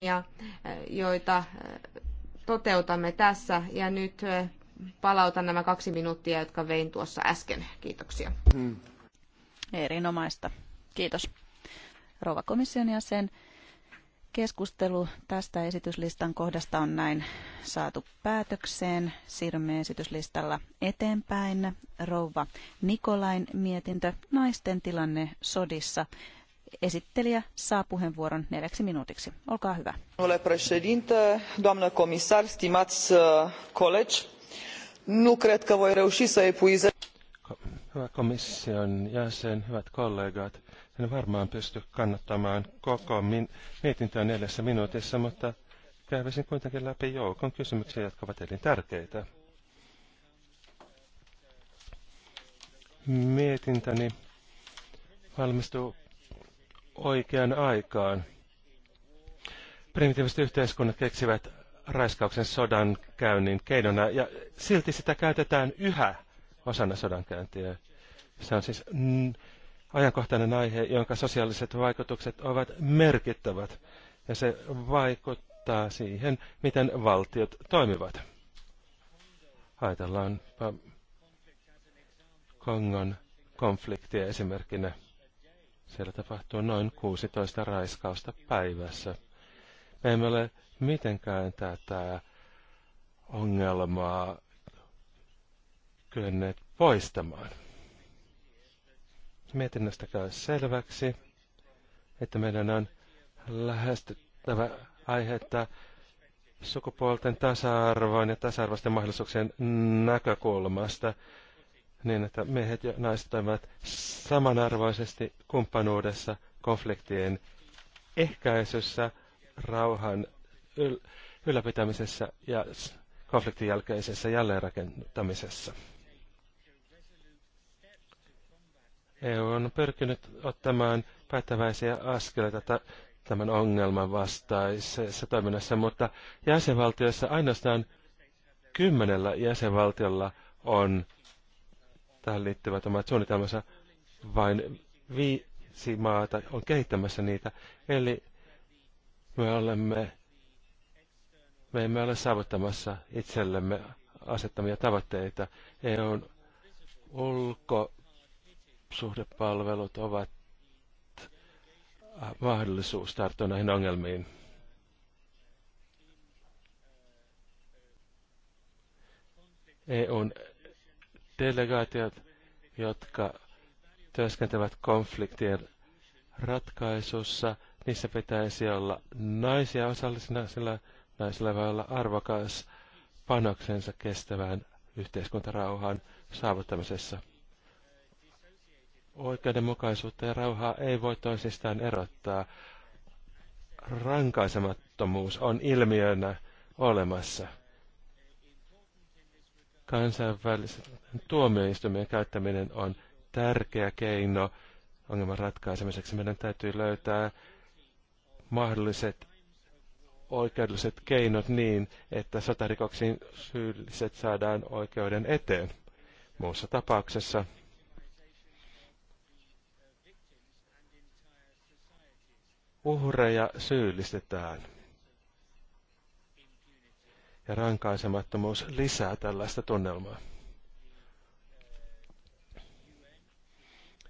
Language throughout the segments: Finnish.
toimia, joita toteutamme tässä. Ja nyt palautan nämä kaksi minuuttia, jotka vein tuossa äsken. Kiitoksia. Mm. Erinomaista. Kiitos. Rouva komission jäsen, keskustelu tästä esityslistan kohdasta on näin saatu päätökseen. Siirrymme esityslistalla eteenpäin. Rouva Nikolain mietintö, naisten tilanne sodissa Esittelijä saa puheenvuoron neljäksi minuutiksi. Olkaa hyvä. Domnule președinte, doamnă comisar, stimați uh, colegi, nu cred că voi reuși să epuizez... Hyvä komission jäsen, hyvät kollegat, en varmaan pysty kannattamaan koko min- mietintöä neljässä minuutissa, mutta kävisin kuitenkin läpi joukon kysymyksiä, jotka ovat elintärkeitä. Mietintäni valmistuu oikeaan aikaan. Primitiiviset yhteiskunnat keksivät raiskauksen sodan käynnin keinona, ja silti sitä käytetään yhä osana sodankäyntiä. Se on siis ajankohtainen aihe, jonka sosiaaliset vaikutukset ovat merkittävät, ja se vaikuttaa siihen, miten valtiot toimivat. Ajatellaanpa Kongon konfliktia esimerkkinä. Siellä tapahtuu noin 16 raiskausta päivässä. Me emme ole mitenkään tätä ongelmaa kyenneet poistamaan. Mietinnöstä käy selväksi, että meidän on lähestyttävä aihetta sukupuolten tasa-arvoon ja tasa-arvoisten mahdollisuuksien näkökulmasta – niin, että miehet ja naiset toimivat samanarvoisesti kumppanuudessa, konfliktien ehkäisyssä, rauhan yl- ylläpitämisessä ja konfliktin jälkeisessä jälleenrakentamisessa. EU on pyrkinyt ottamaan päättäväisiä askeleita tämän ongelman vastaisessa toiminnassa, mutta jäsenvaltioissa ainoastaan kymmenellä jäsenvaltiolla on tähän liittyvät omat suunnitelmassa Vain viisi maata on kehittämässä niitä. Eli me olemme, me emme ole saavuttamassa itsellemme asettamia tavoitteita. EUn ulkosuhdepalvelut ovat äh, mahdollisuus tarttua näihin ongelmiin. EUn delegaatiot, jotka työskentelevät konfliktien ratkaisussa, niissä pitäisi olla naisia osallisina, sillä naisilla voi olla arvokas panoksensa kestävään yhteiskuntarauhaan saavuttamisessa. Oikeudenmukaisuutta ja rauhaa ei voi toisistaan erottaa. Rankaisemattomuus on ilmiönä olemassa. Kansainvälisen tuomioistuimen käyttäminen on tärkeä keino ongelman ratkaisemiseksi. Meidän täytyy löytää mahdolliset oikeudelliset keinot niin, että sotarikoksiin syylliset saadaan oikeuden eteen. Muussa tapauksessa uhreja syyllistetään ja rankaisemattomuus lisää tällaista tunnelmaa.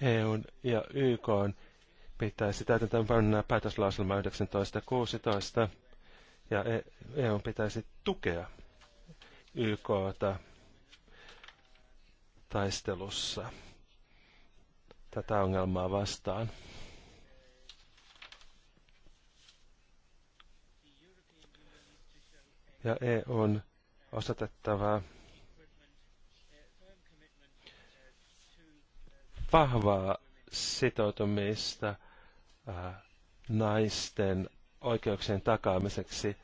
EU ja YK pitäisi täytäntää täytäntöönpanna päätöslauselma 1916 ja EU e pitäisi tukea YKta taistelussa tätä ongelmaa vastaan. ja EUn osoitettavaa vahvaa sitoutumista äh, naisten oikeuksien takaamiseksi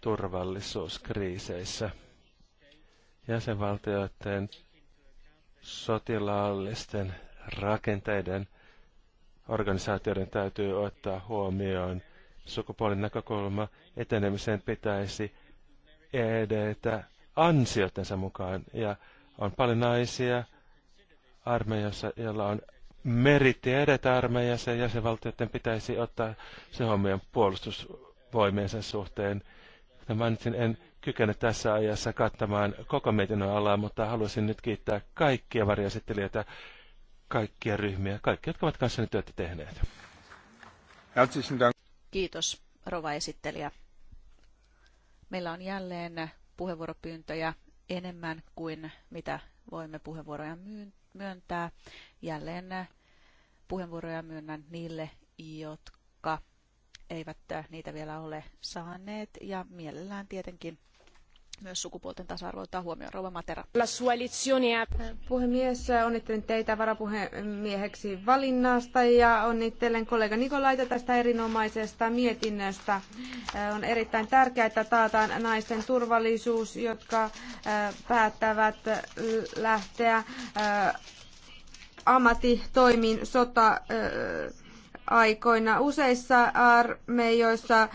turvallisuuskriiseissä. Jäsenvaltioiden sotilaallisten rakenteiden organisaatioiden täytyy ottaa huomioon sukupuolin näkökulma. Etenemisen pitäisi edetä ansiotensa mukaan. Ja on paljon naisia armeijassa, joilla on meritti edetä armeijassa ja jäsenvaltioiden pitäisi ottaa se puolustusvoimien puolustusvoimiensa suhteen. Ja nyt en kykene tässä ajassa kattamaan koko mietinnön alaa, mutta haluaisin nyt kiittää kaikkia varjasittelijöitä, kaikkia ryhmiä, kaikki, jotka ovat kanssani työtä tehneet. Kiitos, rova esittelijä. Meillä on jälleen puheenvuoropyyntöjä enemmän kuin mitä voimme puheenvuoroja myöntää. Jälleen puheenvuoroja myönnän niille, jotka eivät niitä vielä ole saaneet ja mielellään tietenkin myös sukupuolten tasa-arvo ottaa huomioon. Rouva Matera. Puhemies, onnittelen teitä varapuhemieheksi valinnasta ja onnittelen kollega Nikolaita tästä erinomaisesta mietinnöstä. Äh, on erittäin tärkeää, että taataan naisten turvallisuus, jotka äh, päättävät lähteä äh, ammattitoimiin sota aikoina. Useissa armeijoissa äh,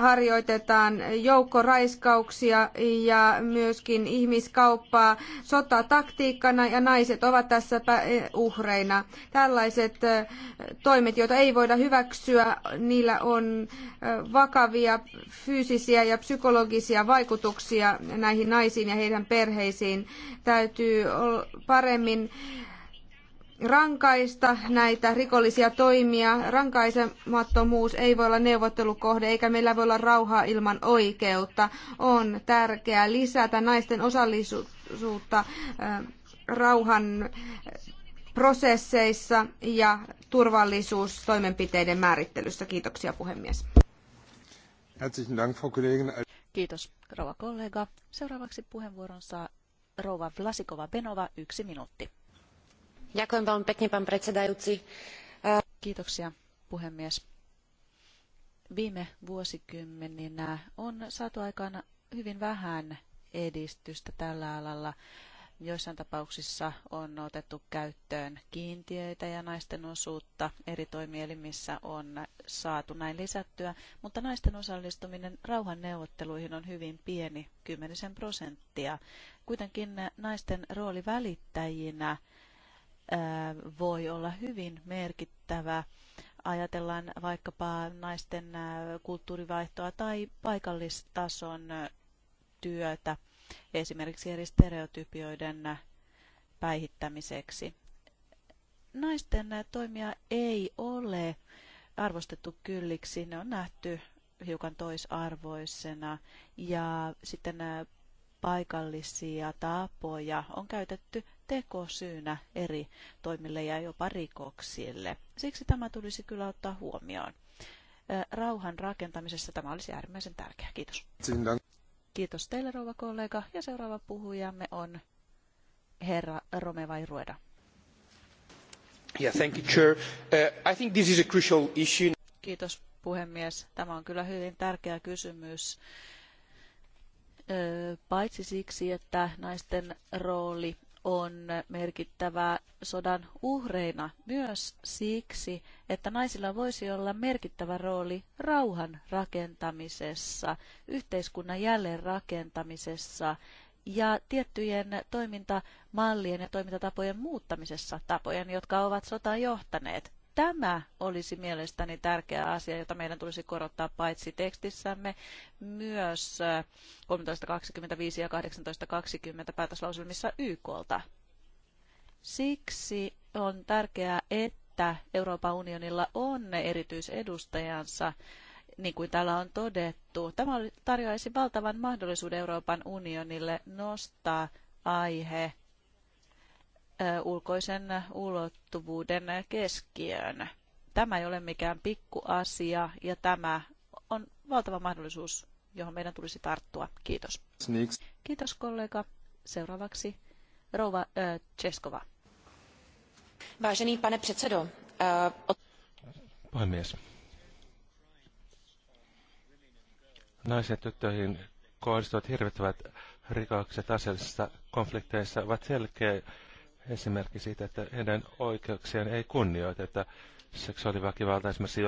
harjoitetaan joukkoraiskauksia ja myöskin ihmiskauppaa sotataktiikkana ja naiset ovat tässä uhreina. Tällaiset äh, toimet, joita ei voida hyväksyä, niillä on äh, vakavia fyysisiä ja psykologisia vaikutuksia näihin naisiin ja heidän perheisiin. Täytyy paremmin rankaista näitä rikollisia toimia. Rankaisemattomuus ei voi olla neuvottelukohde, eikä meillä voi olla rauhaa ilman oikeutta. On tärkeää lisätä naisten osallisuutta rauhan prosesseissa ja turvallisuustoimenpiteiden määrittelyssä. Kiitoksia puhemies. Kiitos, rouva kollega. Seuraavaksi puheenvuoron saa rouva Vlasikova-Benova, yksi minuutti. Kiitoksia puhemies. Viime vuosikymmeninä on saatu aikaan hyvin vähän edistystä tällä alalla. Joissain tapauksissa on otettu käyttöön kiintiöitä ja naisten osuutta eri toimielimissä on saatu näin lisättyä, mutta naisten osallistuminen rauhanneuvotteluihin on hyvin pieni, kymmenisen prosenttia. Kuitenkin naisten rooli välittäjinä voi olla hyvin merkittävä. Ajatellaan vaikkapa naisten kulttuurivaihtoa tai paikallistason työtä esimerkiksi eri stereotypioiden päihittämiseksi. Naisten toimia ei ole arvostettu kylliksi, ne on nähty hiukan toisarvoisena ja sitten paikallisia tapoja on käytetty tekosyynä eri toimille ja jopa rikoksille. Siksi tämä tulisi kyllä ottaa huomioon. Rauhan rakentamisessa tämä olisi äärimmäisen tärkeää. Kiitos. Kiitos teille, rouva kollega. Ja seuraava puhujamme on herra Romeva Rueda. Yeah, thank you, Chair. Uh, I think this is a crucial issue. Kiitos puhemies. Tämä on kyllä hyvin tärkeä kysymys paitsi siksi, että naisten rooli on merkittävää sodan uhreina myös siksi, että naisilla voisi olla merkittävä rooli rauhan rakentamisessa, yhteiskunnan jälleenrakentamisessa ja tiettyjen toimintamallien ja toimintatapojen muuttamisessa, tapojen, jotka ovat sotaan johtaneet tämä olisi mielestäni tärkeä asia, jota meidän tulisi korottaa paitsi tekstissämme, myös 13.25 ja 18.20 päätöslauselmissa YKlta. Siksi on tärkeää, että Euroopan unionilla on erityisedustajansa, niin kuin täällä on todettu. Tämä tarjoaisi valtavan mahdollisuuden Euroopan unionille nostaa aihe ulkoisen ulottuvuuden keskiöön. Tämä ei ole mikään pikkuasia ja tämä on valtava mahdollisuus, johon meidän tulisi tarttua. Kiitos. Sneaks. Kiitos kollega. Seuraavaksi rouva äh, Cheskova. Vážený pane předsedo. Äh, Puhemies. Naiset tyttöihin kohdistuvat hirvittävät rikokset aseellisissa konflikteissa ovat selkeä esimerkki siitä, että heidän oikeuksiaan ei kunnioiteta. Seksuaaliväkivalta, esimerkiksi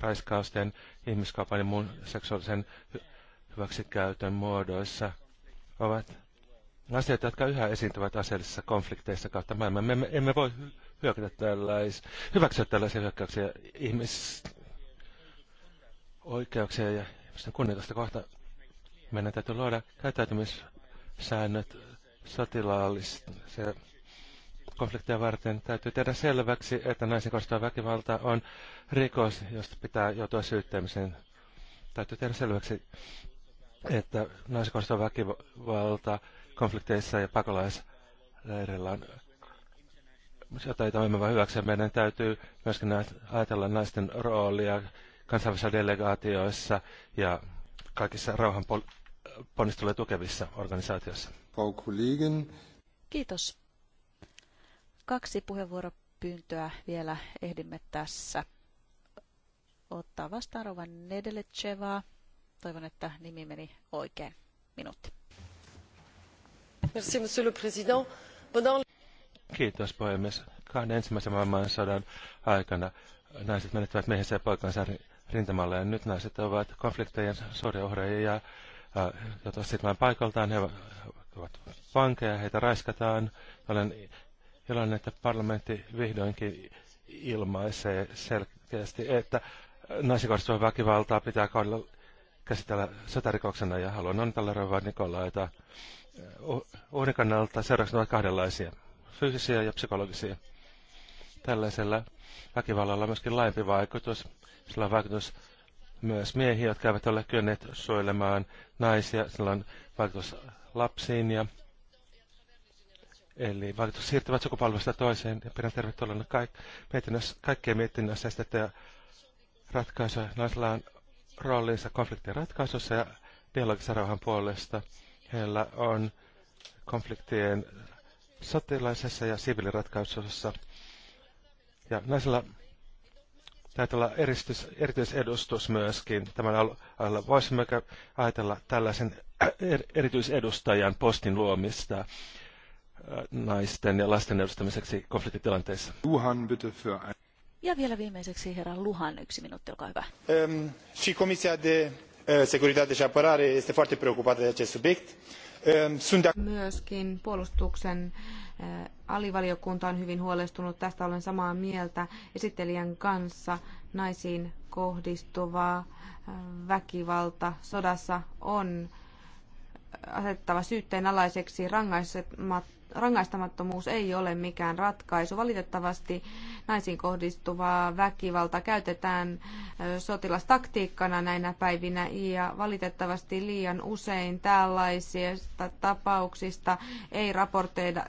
raiskausten ihmiskaupan ja muun seksuaalisen hy- hyväksikäytön muodoissa ovat asioita, jotka yhä esiintyvät aseellisissa konflikteissa kautta maailman. Me emme, emme voi hyökätä tällais, hyväksyä tällaisia hyökkäyksiä ihmisoikeuksia ja ihmisten kunnioitusta kohta. Meidän täytyy luoda käyttäytymissäännöt sotilaallisia konflikteja varten täytyy tehdä selväksi, että naisen kohdistuva väkivalta on rikos, josta pitää joutua syyttämiseen. Täytyy tehdä selväksi, että naisen kohdistuva väkivalta konflikteissa ja pakolaisleireillä on jotain, toimiva hyväksi. Meidän täytyy myöskin ajatella naisten roolia kansainvälisissä delegaatioissa ja kaikissa rauhan ponnisteluja tukevissa organisaatioissa. Kiitos. Kaksi puheenvuoropyyntöä vielä ehdimme tässä ottaa vastaan Rovan Nedelecevaa. Toivon, että nimi meni oikein. Minuutti. Merci, monsieur le président. Kiitos, puhemies. Kahden ensimmäisen maailmansodan aikana naiset menettävät miehensä ja poikansa rintamalle. Ja nyt naiset ovat konfliktejen suuria uhreja ja joutuvat sitmään paikaltaan. He ovat vankeja, heitä raiskataan. Olen iloinen, että parlamentti vihdoinkin ilmaisee selkeästi, että naisikohdistuvan väkivaltaa pitää kohdella käsitellä sotarikoksena ja haluan onnitella Rova Nikolaita. Eh, Uhrin kannalta seuraukset ovat kahdenlaisia, fyysisiä ja psykologisia. Tällaisella väkivallalla on myöskin laajempi vaikutus. Sillä on vaikutus myös miehiä, jotka eivät ole kyenneet suojelemaan naisia. Sillä on vaikutus lapsiin ja Eli valitus siirtyvät sukupolvesta toiseen ja pidän tervetulleena kaik- mietinnässä, kaikkien mietinnässä esitettyjä ratkaisuja. Naisilla on roolinsa konfliktien ratkaisussa ja dialogissa rauhan puolesta. Heillä on konfliktien sotilaisessa ja siviiliratkaisussa. Ja naisilla täytyy olla eristys, erityisedustus myöskin tämän alueella. Voisimmeko ajatella tällaisen er-, erityisedustajan postin luomista naisten ja lasten edustamiseksi konfliktitilanteissa. Luhan, bitte für ein... Ja vielä viimeiseksi herra Luhan, yksi minuutti, olkaa hyvä. Um, și Comisia de äh, Securitate și Apărare este foarte preocupată de acest subiect. Ähm, Myöskin puolustuksen äh, alivaliokunta on hyvin huolestunut. Tästä olen samaa mieltä esittelijän kanssa. Naisiin kohdistuva äh, väkivalta sodassa on asettava syytteen alaiseksi rangaisematta rangaistamattomuus ei ole mikään ratkaisu. Valitettavasti naisiin kohdistuvaa väkivalta käytetään sotilastaktiikkana näinä päivinä ja valitettavasti liian usein tällaisista tapauksista ei raporteida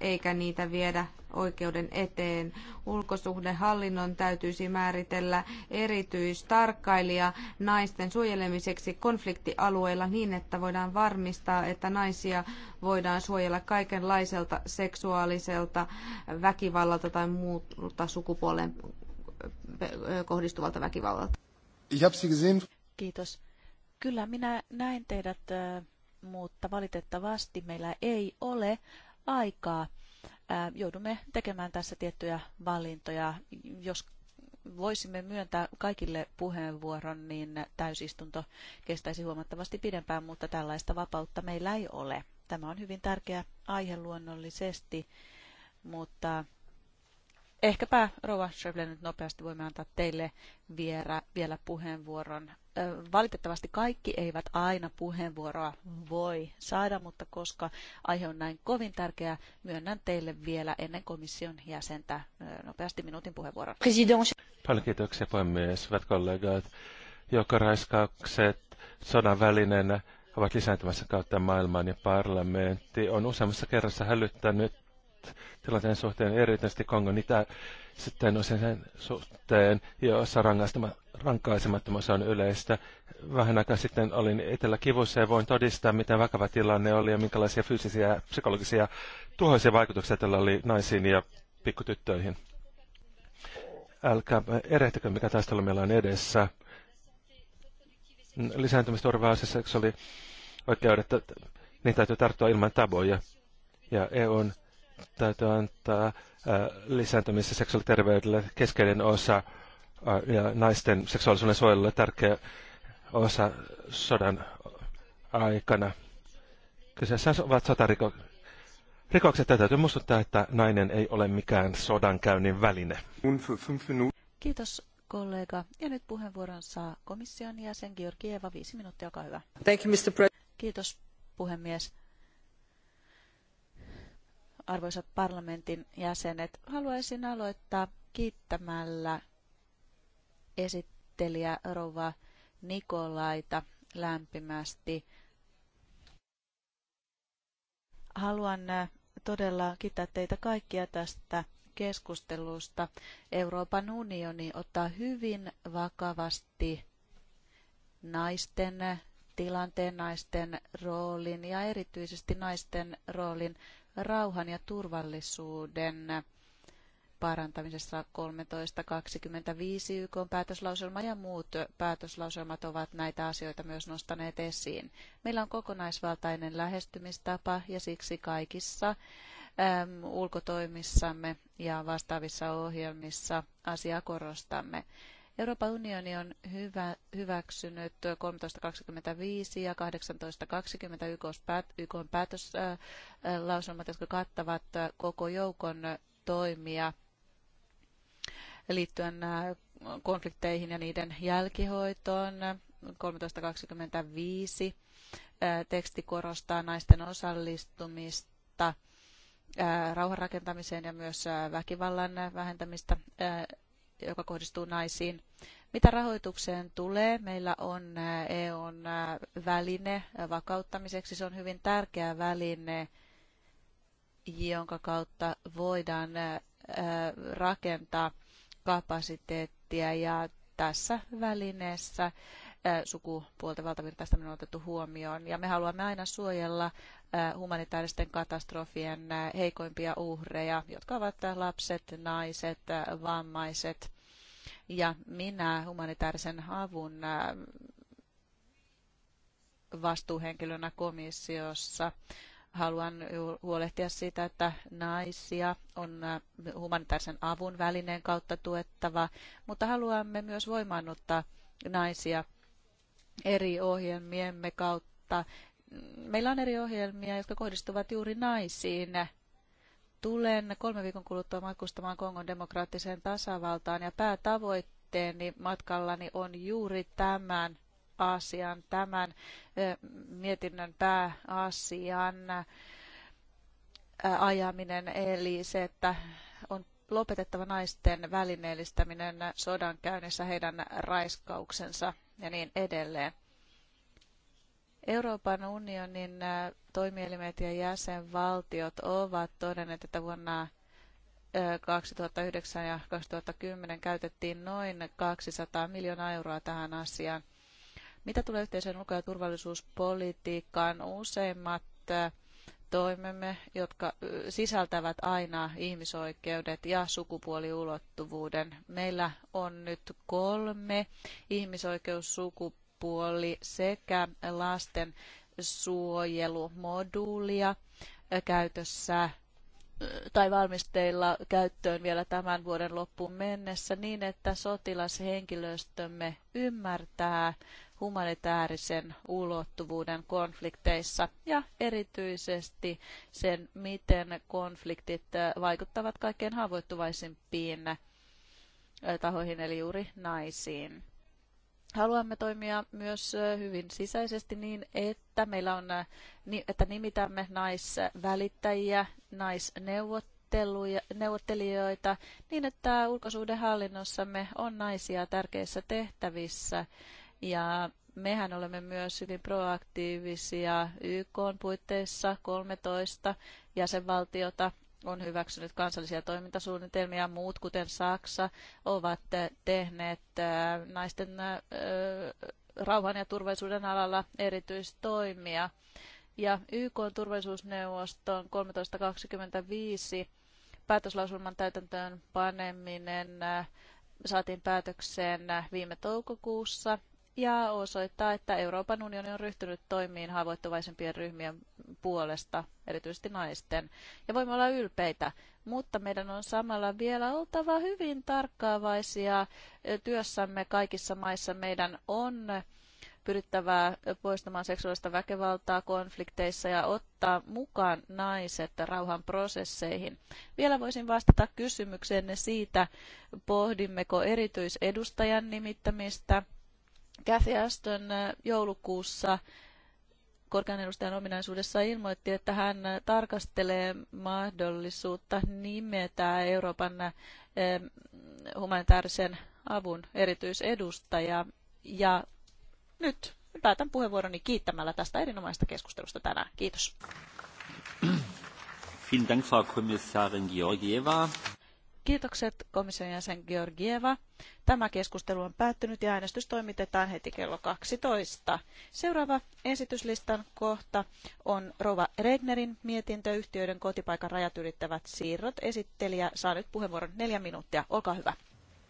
eikä niitä viedä oikeuden eteen. Ulkosuhdehallinnon täytyisi määritellä erityistarkkailija naisten suojelemiseksi konfliktialueilla niin, että voidaan varmistaa, että naisia voidaan suojella kaikenlaiselta seksuaaliselta väkivallalta tai muuta sukupuoleen kohdistuvalta väkivallalta. Kiitos. Kyllä, minä näin teidät, äh, mutta valitettavasti meillä ei ole aikaa joudumme tekemään tässä tiettyjä valintoja. Jos voisimme myöntää kaikille puheenvuoron, niin täysistunto kestäisi huomattavasti pidempään, mutta tällaista vapautta meillä ei ole. Tämä on hyvin tärkeä aihe luonnollisesti, mutta ehkäpä Rova Schreble nyt nopeasti voimme antaa teille vielä puheenvuoron valitettavasti kaikki eivät aina puheenvuoroa voi saada, mutta koska aihe on näin kovin tärkeä, myönnän teille vielä ennen komission jäsentä nopeasti minuutin puheenvuoron. President. Paljon kiitoksia puhemies, hyvät kollegat. Joukkoraiskaukset sodan välineenä ovat lisääntymässä kautta maailmaan ja parlamentti on useammassa kerrassa hälyttänyt tilanteen suhteen, erityisesti Kongon itä sitten on sen suhteen, jossa rankaisemattomuus on yleistä. Vähän aikaa sitten olin Etelä-Kivussa ja voin todistaa, miten vakava tilanne oli ja minkälaisia fyysisiä ja psykologisia tuhoisia vaikutuksia tällä oli naisiin ja pikkutyttöihin. Älkää erehtykö, mikä taistelu meillä on edessä. Lisääntymisturvaa se seksuaali oikeudet, niitä täytyy tarttua ilman taboja. Ja EUn täytyy antaa äh, lisääntymis- ja seksuaaliterveydelle keskeinen osa äh, ja naisten seksuaalisuuden suojelulle tärkeä osa sodan aikana. Kyseessä ovat sotarikokset. Rikokset täytyy muistuttaa, että nainen ei ole mikään sodankäynnin väline. Kiitos kollega. Ja nyt puheenvuoron saa komission jäsen Georgieva. Viisi minuuttia, olkaa hyvä. Thank you, Mr. Pre- Kiitos puhemies arvoisat parlamentin jäsenet, haluaisin aloittaa kiittämällä esittelijä Rova Nikolaita lämpimästi. Haluan äh, todella kiittää teitä kaikkia tästä keskustelusta. Euroopan unioni ottaa hyvin vakavasti naisten tilanteen, naisten roolin ja erityisesti naisten roolin rauhan ja turvallisuuden parantamisessa 1325 YK päätöslauselma ja muut päätöslauselmat ovat näitä asioita myös nostaneet esiin. Meillä on kokonaisvaltainen lähestymistapa ja siksi kaikissa äm, ulkotoimissamme ja vastaavissa ohjelmissa asiaa korostamme. Euroopan unioni on hyvä, hyväksynyt 1325 ja 1820 YK, päätöslauselmat, jotka kattavat äh, koko joukon toimia liittyen äh, konflikteihin ja niiden jälkihoitoon. 1325 äh, teksti korostaa naisten osallistumista rauhanrakentamiseen ja myös väkivallan vähentämistä joka kohdistuu naisiin. Mitä rahoitukseen tulee, meillä on EUn väline vakauttamiseksi. Se on hyvin tärkeä väline, jonka kautta voidaan rakentaa kapasiteettia ja tässä välineessä sukupuolten valtavirtaistaminen on otettu huomioon. Ja me haluamme aina suojella humanitaaristen katastrofien heikoimpia uhreja, jotka ovat lapset, naiset, vammaiset ja minä humanitaarisen avun äh, vastuuhenkilönä komissiossa haluan huolehtia siitä, että naisia on äh, humanitaarisen avun välineen kautta tuettava, mutta haluamme myös voimaannuttaa naisia eri ohjelmiemme kautta. Meillä on eri ohjelmia, jotka kohdistuvat juuri naisiin Tulen kolme viikon kuluttua matkustamaan Kongon demokraattiseen tasavaltaan ja päätavoitteeni matkallani on juuri tämän asian, tämän mietinnön pääasian ajaminen, eli se, että on lopetettava naisten välineellistäminen sodan käynnissä, heidän raiskauksensa ja niin edelleen. Euroopan unionin toimielimet ja jäsenvaltiot ovat todenneet, että vuonna 2009 ja 2010 käytettiin noin 200 miljoonaa euroa tähän asiaan. Mitä tulee yhteiseen ulko- ja turvallisuuspolitiikkaan, useimmat toimemme, jotka sisältävät aina ihmisoikeudet ja sukupuoliulottuvuuden. Meillä on nyt kolme ihmisoikeussukupuolta puoli sekä lasten suojelumoduulia käytössä tai valmisteilla käyttöön vielä tämän vuoden loppuun mennessä niin, että sotilashenkilöstömme ymmärtää humanitaarisen ulottuvuuden konflikteissa ja erityisesti sen, miten konfliktit vaikuttavat kaikkein haavoittuvaisimpiin tahoihin, eli juuri naisiin. Haluamme toimia myös hyvin sisäisesti niin, että meillä on, että nimitämme naisvälittäjiä, naisneuvottelijoita, niin että ulkosuhdehallinnossamme on naisia tärkeissä tehtävissä. Ja mehän olemme myös hyvin proaktiivisia YK puitteissa 13 jäsenvaltiota on hyväksynyt kansallisia toimintasuunnitelmia ja muut, kuten Saksa, ovat tehneet naisten rauhan ja turvallisuuden alalla erityistoimia. Ja YK on turvallisuusneuvoston 1325 päätöslauselman täytäntöön paneminen saatiin päätökseen viime toukokuussa ja osoittaa, että Euroopan unioni on ryhtynyt toimiin haavoittuvaisempien ryhmien puolesta, erityisesti naisten. Ja voimme olla ylpeitä, mutta meidän on samalla vielä oltava hyvin tarkkaavaisia työssämme kaikissa maissa. Meidän on pyrittävää poistamaan seksuaalista väkivaltaa konflikteissa ja ottaa mukaan naiset rauhan prosesseihin. Vielä voisin vastata kysymykseenne siitä, pohdimmeko erityisedustajan nimittämistä Cathy Ashton äh, joulukuussa korkean edustajan ominaisuudessa ilmoitti, että hän äh, tarkastelee mahdollisuutta nimetä Euroopan äh, humanitaarisen avun erityisedustaja. Ja nyt päätän puheenvuoroni kiittämällä tästä erinomaista keskustelusta tänään. Kiitos. Vielen Dank, Frau Kommissarin Georgieva. Kiitokset komission jäsen Georgieva. Tämä keskustelu on päättynyt ja äänestys toimitetaan heti kello 12. Seuraava esityslistan kohta on Rova Regnerin mietintö yhtiöiden kotipaikan rajat ylittävät siirrot. Esittelijä saa nyt puheenvuoron neljä minuuttia. Olkaa hyvä.